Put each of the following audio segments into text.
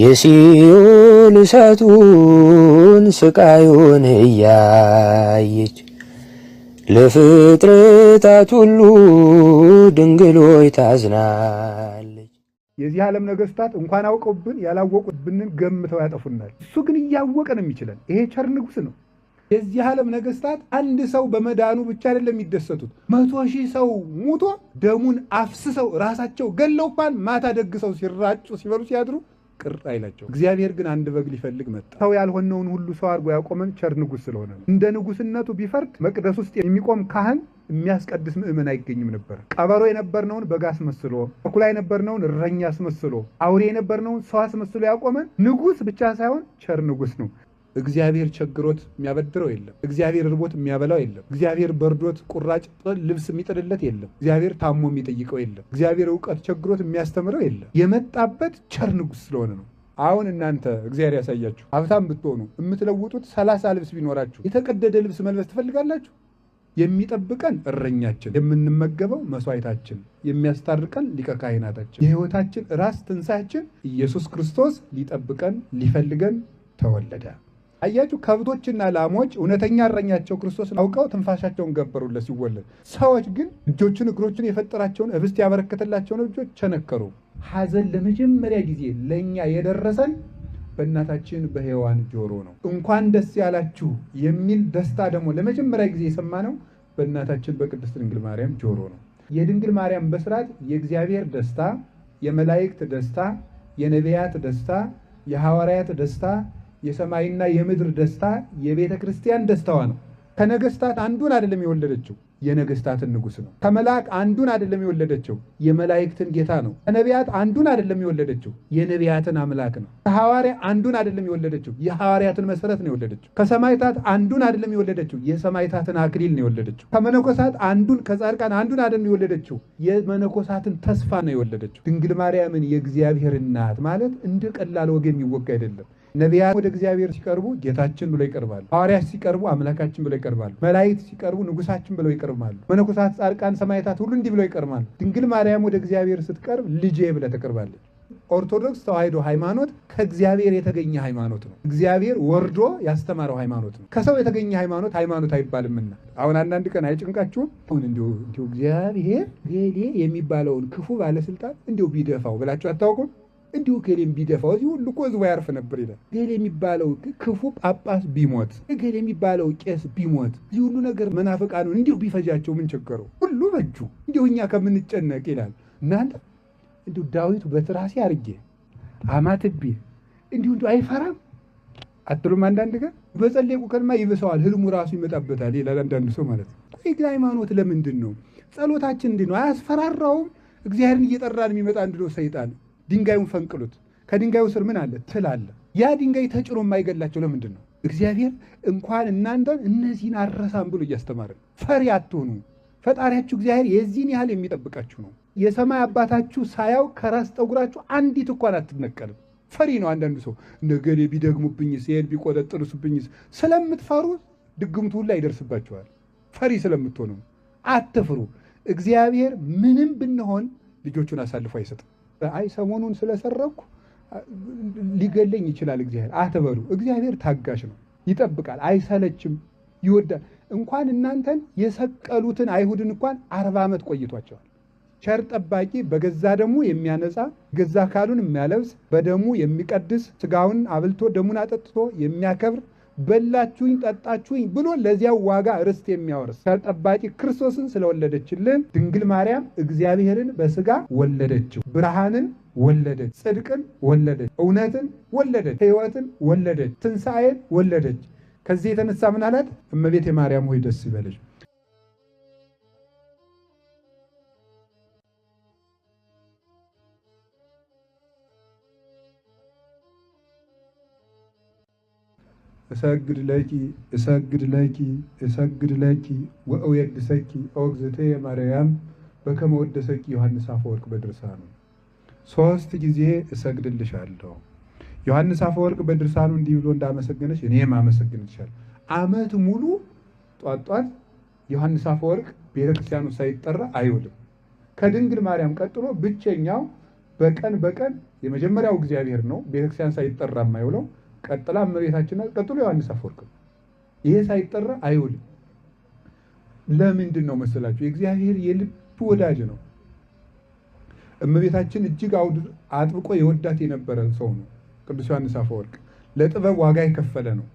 የሲዮን እሳቱን ስቃዩን እያየች ለፍጥረታት ሁሉ ድንግሎይ ታዝናለች። የዚህ ዓለም ነገሥታት እንኳን አውቀውብን ያላወቁብንን ገምተው ያጠፉናል። እሱ ግን እያወቀ ነው የሚችለን። ይሄ ቸር ንጉሥ ነው። የዚህ ዓለም ነገሥታት አንድ ሰው በመዳኑ ብቻ አይደለም የሚደሰቱት። መቶ ሺህ ሰው ሙቶ ደሙን አፍስሰው ራሳቸው ገለው እንኳን ማታ ደግሰው ሲራጩ ሲበሉ ሲያድሩ ቅር አይላቸው። እግዚአብሔር ግን አንድ በግ ሊፈልግ መጣ። ሰው ያልሆነውን ሁሉ ሰው አድርጎ ያቆመን ቸር ንጉሥ ስለሆነ ነው። እንደ ንጉሥነቱ ቢፈርድ መቅደስ ውስጥ የሚቆም ካህን የሚያስቀድስ ምእመን አይገኝም ነበር። ቀበሮ የነበርነውን በግ አስመስሎ፣ ተኩላ የነበርነውን እረኛ አስመስሎ፣ አውሬ የነበርነውን ሰው አስመስሎ ያቆመን ንጉሥ ብቻ ሳይሆን ቸር ንጉሥ ነው። እግዚአብሔር ቸግሮት የሚያበድረው የለም። እግዚአብሔር ርቦት የሚያበላው የለም። እግዚአብሔር በርዶት ቁራጭ ልብስ የሚጥልለት የለም። እግዚአብሔር ታሞ የሚጠይቀው የለም። እግዚአብሔር እውቀት ቸግሮት የሚያስተምረው የለም። የመጣበት ቸር ንጉሥ ስለሆነ ነው። አሁን እናንተ እግዚአብሔር ያሳያችሁ። ሀብታም ብትሆኑ የምትለውጡት ሰላሳ ልብስ ቢኖራችሁ የተቀደደ ልብስ መልበስ ትፈልጋላችሁ? የሚጠብቀን እረኛችን፣ የምንመገበው መስዋዕታችን፣ የሚያስታርቀን ሊቀ ካህናታችን፣ የህይወታችን ራስ ትንሣያችን ኢየሱስ ክርስቶስ ሊጠብቀን ሊፈልገን ተወለደ። አያችሁ፣ ከብቶችና ላሞች እውነተኛ እረኛቸው ክርስቶስን አውቀው ትንፋሻቸውን ገበሩለት ሲወለድ። ሰዎች ግን እጆቹን እግሮቹን የፈጠራቸውን እብስት ያበረከተላቸውን እጆች ቸነከሩ። ሐዘን ለመጀመሪያ ጊዜ ለእኛ የደረሰን በእናታችን በሔዋን ጆሮ ነው። እንኳን ደስ ያላችሁ የሚል ደስታ ደግሞ ለመጀመሪያ ጊዜ የሰማነው በእናታችን በቅድስት ድንግል ማርያም ጆሮ ነው። የድንግል ማርያም በስርዓት የእግዚአብሔር ደስታ፣ የመላእክት ደስታ፣ የነቢያት ደስታ፣ የሐዋርያት ደስታ የሰማይና የምድር ደስታ የቤተ ክርስቲያን ደስታዋ ነው። ከነገስታት አንዱን አይደለም የወለደችው የነገስታትን ንጉሥ ነው። ከመላእክ አንዱን አይደለም የወለደችው የመላእክትን ጌታ ነው። ከነቢያት አንዱን አይደለም የወለደችው የነቢያትን አምላክ ነው። ከሐዋርያ አንዱን አይደለም የወለደችው የሐዋርያትን መሰረት ነው የወለደችው። ከሰማይታት አንዱን አይደለም የወለደችው የሰማይታትን አክሊል ነው የወለደችው። ከመነኮሳት አንዱን ከጻድቃን አንዱን አይደለም የወለደችው የመነኮሳትን ተስፋ ነው የወለደችው። ድንግል ማርያምን የእግዚአብሔር እናት ማለት እንደ ቀላል ወግ የሚወጋ አይደለም። ነቢያት ወደ እግዚአብሔር ሲቀርቡ ጌታችን ብለው ይቀርባሉ። ሐዋርያት ሲቀርቡ አምላካችን ብለው ይቀርባሉ። መላእክት ሲቀርቡ ንጉሳችን ብለው ይቀርባሉ። መነኮሳት፣ ጻድቃን፣ ሰማዕታት ሁሉ እንዲህ ብለው ይቀርባሉ። ድንግል ማርያም ወደ እግዚአብሔር ስትቀርብ ልጄ ብለ ተቀርባለች። ኦርቶዶክስ ተዋሕዶ ሃይማኖት ከእግዚአብሔር የተገኘ ሃይማኖት ነው። እግዚአብሔር ወርዶ ያስተማረው ሃይማኖት ነው። ከሰው የተገኘ ሃይማኖት ሃይማኖት አይባልምና። አሁን አንዳንድ ቀን አይጭንቃችሁም? አሁን እንዲሁ እግዚአብሔር የሚባለውን ክፉ ባለስልጣን እንዲሁ ቢደፋው ብላችሁ አታውቁም? እንዲሁ ገሌ ቢደፋው እዚህ ልኮ እኮ ያርፍ ነበር ይላል። ገሌ የሚባለው ክፉ ጳጳስ ቢሞት፣ ገሌ የሚባለው ቄስ ቢሞት፣ እዚህ ሁሉ ነገር መናፍቃ መናፍቃኑን እንዲሁ ቢፈጃቸው ምን ቸገረው? ሁሉ በጁ እንዲሁ እኛ ከምንጨነቅ ይላል። እናንተ እንዲሁ ዳዊቱ በትራሴ አርጌ አማትቤ እንዲሁ እንዲሁ አይፈራም አትሉም? አንዳንድ ጋር በጸሌ ቀንማ ይብሰዋል፣ ህልሙ ራሱ ይመጣበታል ይላል አንዳንድ ሰው ማለት ነው። ግን ሃይማኖት ለምንድን ነው? ጸሎታችን እንዲ ነው፣ አያስፈራራውም። እግዚአብሔርን እየጠራን የሚመጣ እንድነው ሰይጣን ድንጋዩን ፈንቅሉት። ከድንጋዩ ስር ምን አለ? ትል አለ። ያ ድንጋይ ተጭኖ የማይገላቸው ለምንድን ነው? እግዚአብሔር እንኳን እናንተን እነዚህን አረሳን ብሎ እያስተማረን፣ ፈሪ አትሆኑ። ፈጣሪያችሁ እግዚአብሔር የዚህን ያህል የሚጠብቃችሁ ነው። የሰማይ አባታችሁ ሳያው ከራስ ጠጉራችሁ አንዲት እንኳን አትነቀልም። ፈሪ ነው አንዳንዱ ሰው። ነገሌ ቢደግሙብኝስ፣ ይሄን ቢቆጠጥሩስብኝስ ስለምትፈሩ ድግምቱ ሁላ ይደርስባችኋል። ፈሪ ስለምትሆኑ አትፍሩ። እግዚአብሔር ምንም ብንሆን ልጆቹን አሳልፎ አይሰጥም። አይ ሰሞኑን ስለሰረኩ ሊገለኝ ይችላል እግዚአብሔር አትበሉ። እግዚአብሔር ታጋሽ ነው፣ ይጠብቃል፣ አይሰለችም፣ ይወዳል። እንኳን እናንተን የሰቀሉትን አይሁድን እንኳን አርባ ዓመት ቆይቷቸዋል። ቸር ጠባቂ በገዛ ደሙ የሚያነጻ ገዛ አካሉን የሚያለብስ በደሙ የሚቀድስ ስጋውን አብልቶ ደሙን አጠጥቶ የሚያከብር በላችሁኝ ጠጣችሁኝ ብሎ ለዚያው ዋጋ ርስት የሚያወርስ ተጠባቂ ክርስቶስን ስለወለደችልን ድንግል ማርያም እግዚአብሔርን በስጋ ወለደችው። ብርሃንን ወለደች፣ ጽድቅን ወለደች፣ እውነትን ወለደች፣ ሕይወትን ወለደች፣ ትንሣኤን ወለደች። ከዚህ የተነሳ ምን አላት? እመቤት የማርያም ሆይ ደስ ይበለሽ እሰግድ ለኪ እሰግድ ለኪ እሰግድ ለኪ ወእወድሰኪ ኦግዝእትየ ማርያም በከመ ወደሰኪ ዮሐንስ አፈወርቅ በድርሳኑ ሶስት ጊዜ እሰግድልሻለሁ። ዮሐንስ አፈወርቅ በድርሳኑ እንዲህ ብሎ እንዳመሰገነች እኔም አመሰግንልሻለሁ። ዓመት ሙሉ ጧት ጧት ዮሐንስ አፈወርቅ ቤተክርስቲያኑ ሳይጠራ አይውልም። ከድንግል ማርያም ቀጥሎ ብቸኛው በቀን በቀን የመጀመሪያው እግዚአብሔር ነው ቤተክርስቲያን ሳይጠራ የማይውለው ቀጥላ እመቤታችን ናት፣ ቀጥሎ ዮሐንስ አፈወርቅ ይሄ ሳይጠራ አይውልም። ለምንድን ነው መሰላችሁ? የእግዚአብሔር የልብ ወዳጅ ነው። እመቤታችን እጅግ አጥብቆ የወዳት የነበረ ሰው ነው ቅዱስ ዮሐንስ አፈወርቅ። ለጥበብ ዋጋ የከፈለ ነው።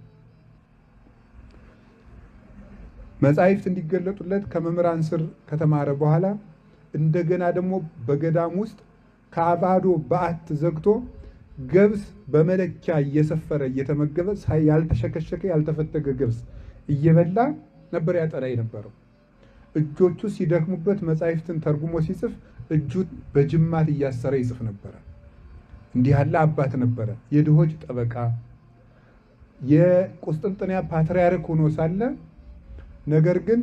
መጻሕፍት እንዲገለጡለት ከመምህራን ስር ከተማረ በኋላ እንደገና ደግሞ በገዳም ውስጥ ከአባዶ በዓት ዘግቶ ገብስ በመለኪያ እየሰፈረ እየተመገበ ያልተሸከሸከ ያልተፈተገ ገብስ እየበላ ነበር ያጠና የነበረው። እጆቹ ሲደክሙበት መጻሕፍትን ተርጉሞ ሲጽፍ እጁ በጅማት እያሰረ ይጽፍ ነበረ። እንዲህ ያለ አባት ነበረ። የድሆች ጠበቃ የቁስጥንጥንያ ፓትርያርክ ሆኖ ሳለ ነገር ግን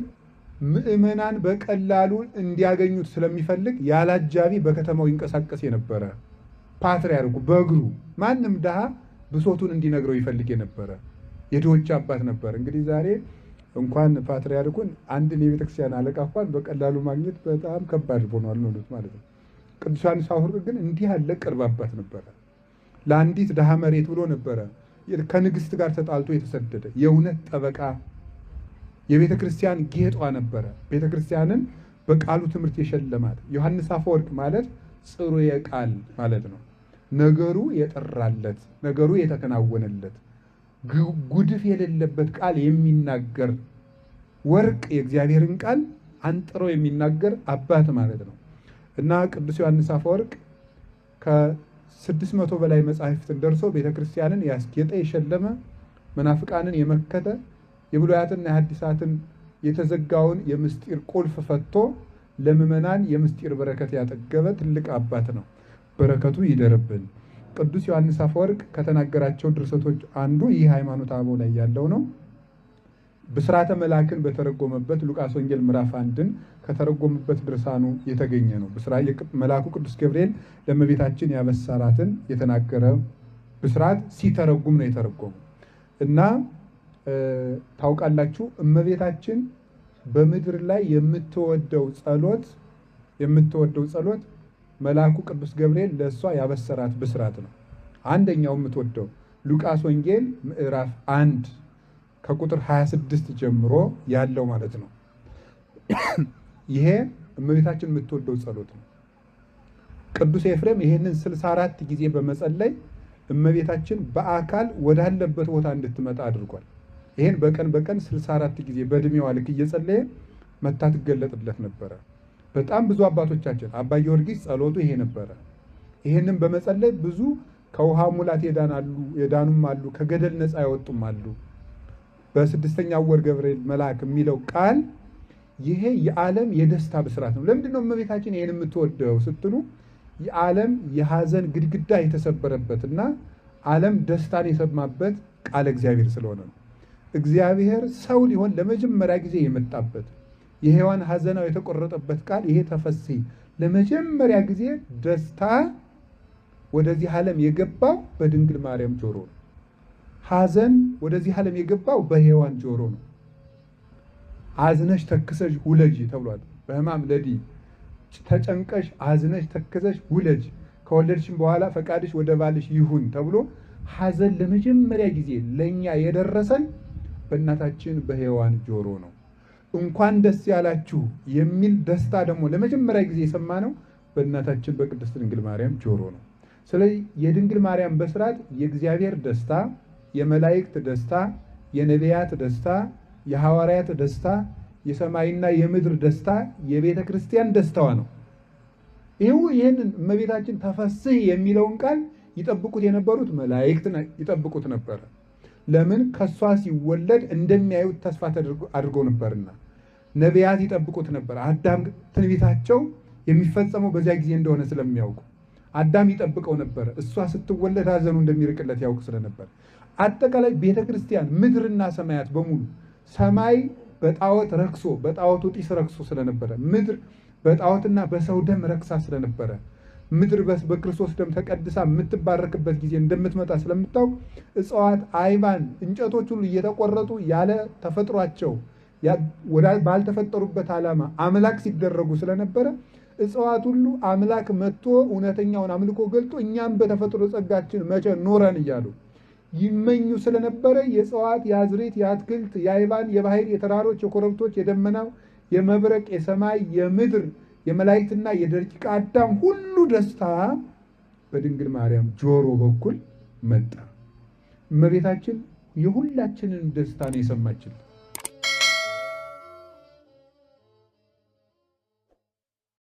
ምእመናን በቀላሉ እንዲያገኙት ስለሚፈልግ ያለ አጃቢ በከተማው ይንቀሳቀስ የነበረ ፓትሪያርኩ በእግሩ ማንም ድሃ ብሶቱን እንዲነግረው ይፈልግ የነበረ የድሆች አባት ነበር። እንግዲህ ዛሬ እንኳን ፓትሪያርኩን አንድን የቤተክርስቲያን አለቃ እንኳን በቀላሉ ማግኘት በጣም ከባድ ሆኗል ማለት ነው። ቅዱስ ዮሐንስ ግን እንዲህ ያለ ቅርብ አባት ነበረ። ለአንዲት ድሃ መሬት ብሎ ነበረ ከንግስት ጋር ተጣልቶ የተሰደደ የእውነት ጠበቃ የቤተ ክርስቲያን ጌጧ ነበረ። ቤተ ክርስቲያንን በቃሉ ትምህርት የሸለማት ዮሐንስ አፈወርቅ ማለት ጽሩየ ቃል ማለት ነው። ነገሩ የጠራለት ነገሩ የተከናወነለት ጉድፍ የሌለበት ቃል የሚናገር ወርቅ የእግዚአብሔርን ቃል አንጥሮ የሚናገር አባት ማለት ነው እና ቅዱስ ዮሐንስ አፈወርቅ ከስድስት መቶ በላይ መጻሕፍትን ደርሶ ቤተ ክርስቲያንን ያስጌጠ የሸለመ መናፍቃንን የመከተ የብሉያትና የሐዲሳትን የተዘጋውን የምስጢር ቁልፍ ፈቶ ለምዕመናን የምስጢር በረከት ያጠገበ ትልቅ አባት ነው። በረከቱ ይደርብን። ቅዱስ ዮሐንስ አፈወርቅ ከተናገራቸው ድርሰቶች አንዱ ይህ ሃይማኖተ አበው ላይ ያለው ነው። ብስራተ መልአክን በተረጎመበት ሉቃስ ወንጌል ምዕራፍ አንድን ከተረጎመበት ድርሳኑ የተገኘ ነው። መልአኩ ቅዱስ ገብርኤል ለእመቤታችን ያበሰራትን የተናገረ ብስራት ሲተረጉም ነው የተረጎመው እና ታውቃላችሁ እመቤታችን በምድር ላይ የምትወደው ጸሎት የምትወደው ጸሎት መልአኩ ቅዱስ ገብርኤል ለእሷ ያበሰራት ብስራት ነው። አንደኛው የምትወደው ሉቃስ ወንጌል ምዕራፍ አንድ ከቁጥር 26 ጀምሮ ያለው ማለት ነው። ይሄ እመቤታችን የምትወደው ጸሎት ነው። ቅዱስ ኤፍሬም ይህንን 64 ጊዜ በመጸለይ እመቤታችን በአካል ወዳለበት ቦታ እንድትመጣ አድርጓል። ይህን በቀን በቀን 64 ጊዜ በእድሜዋ ልክ እየጸለየ መታ ትገለጥለት ነበረ። በጣም ብዙ አባቶቻችን አባ ጊዮርጊስ ጸሎቱ ይሄ ነበረ። ይህንም በመጸለይ ብዙ ከውሃ ሙላት የዳናሉ የዳኑም አሉ፣ ከገደል ነፃ ያወጡም አሉ። በስድስተኛው ወር ገብርኤል መልአክ የሚለው ቃል ይሄ የዓለም የደስታ ብስራት ነው። ለምንድን ነው እመቤታችን ይህን የምትወደው ስትሉ የዓለም የሐዘን ግድግዳ የተሰበረበትና ዓለም ደስታን የሰማበት ቃለ እግዚአብሔር ስለሆነ ነው። እግዚአብሔር ሰው ሊሆን ለመጀመሪያ ጊዜ የመጣበት የሔዋን ሐዘናው የተቆረጠበት ቃል ይሄ ተፈሴ ለመጀመሪያ ጊዜ ደስታ ወደዚህ ዓለም የገባው በድንግል ማርያም ጆሮ ነው። ሐዘን ወደዚህ ዓለም የገባው በሔዋን ጆሮ ነው። አዝነሽ ተክሰሽ ውለጅ ተብሏል። በሕማም ለዲ ተጨንቀሽ አዝነሽ ተክሰሽ ውለጅ፣ ከወለድሽም በኋላ ፈቃድሽ ወደ ባልሽ ይሁን ተብሎ ሐዘን ለመጀመሪያ ጊዜ ለእኛ የደረሰን በእናታችን በሔዋን ጆሮ ነው። እንኳን ደስ ያላችሁ የሚል ደስታ ደግሞ ለመጀመሪያ ጊዜ የሰማ ነው በእናታችን በቅድስት ድንግል ማርያም ጆሮ ነው። ስለዚህ የድንግል ማርያም በስርዓት የእግዚአብሔር ደስታ፣ የመላእክት ደስታ፣ የነቢያት ደስታ፣ የሐዋርያት ደስታ፣ የሰማይና የምድር ደስታ፣ የቤተ ክርስቲያን ደስታዋ ነው። ይህ ይህንን እመቤታችን ተፈስህ የሚለውን ቃል ይጠብቁት የነበሩት መላእክት ይጠብቁት ነበረ። ለምን ከእሷ ሲወለድ እንደሚያዩት ተስፋ አድርገው ነበርና ነቢያት ይጠብቁት ነበር። አዳም ትንቢታቸው የሚፈጸመው በዚያ ጊዜ እንደሆነ ስለሚያውቁ አዳም ይጠብቀው ነበር። እሷ ስትወለድ ሐዘኑ እንደሚርቅለት ያውቅ ስለነበር አጠቃላይ ቤተ ክርስቲያን ምድርና ሰማያት በሙሉ ሰማይ በጣዖት ረክሶ በጣዖቱ ጢስ ረክሶ ስለነበረ ምድር በጣዖትና በሰው ደም ረክሳ ስለነበረ ምድር በክርስቶስ ደም ተቀድሳ የምትባረክበት ጊዜ እንደምትመጣ ስለምታውቅ እጽዋት፣ አይባን፣ እንጨቶች ሁሉ እየተቆረጡ ያለ ተፈጥሯቸው ባልተፈጠሩበት ዓላማ አምላክ ሲደረጉ ስለነበረ እጽዋት ሁሉ አምላክ መጥቶ እውነተኛውን አምልኮ ገልጦ እኛም በተፈጥሮ ጸጋችን መቼ ኖረን እያሉ ይመኙ ስለነበረ የእጽዋት፣ የአዝሬት፣ የአትክልት፣ የአይባን፣ የባህር፣ የተራሮች፣ የኮረብቶች፣ የደመናው፣ የመብረቅ፣ የሰማይ፣ የምድር የመላእክትና የደቂቀ አዳም ሁሉ ደስታ በድንግል ማርያም ጆሮ በኩል መጣ። እመቤታችን የሁላችንን ደስታ ነው የሰማችል።